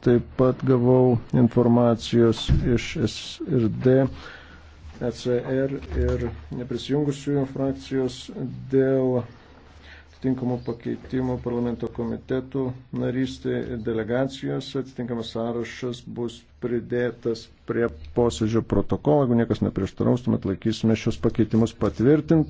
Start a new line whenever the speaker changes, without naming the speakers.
Taip pat gavau informacijos iš SRD, ECR ir neprisijungusiųjų frakcijos dėl atitinkamų pakeitimų parlamento komitetų narystė ir delegacijos. Atitinkamas sąrašas bus pridėtas prie
posėdžio protokolo. Jeigu niekas neprieštaraus, tuomet laikysime šios pakeitimus patvirtint.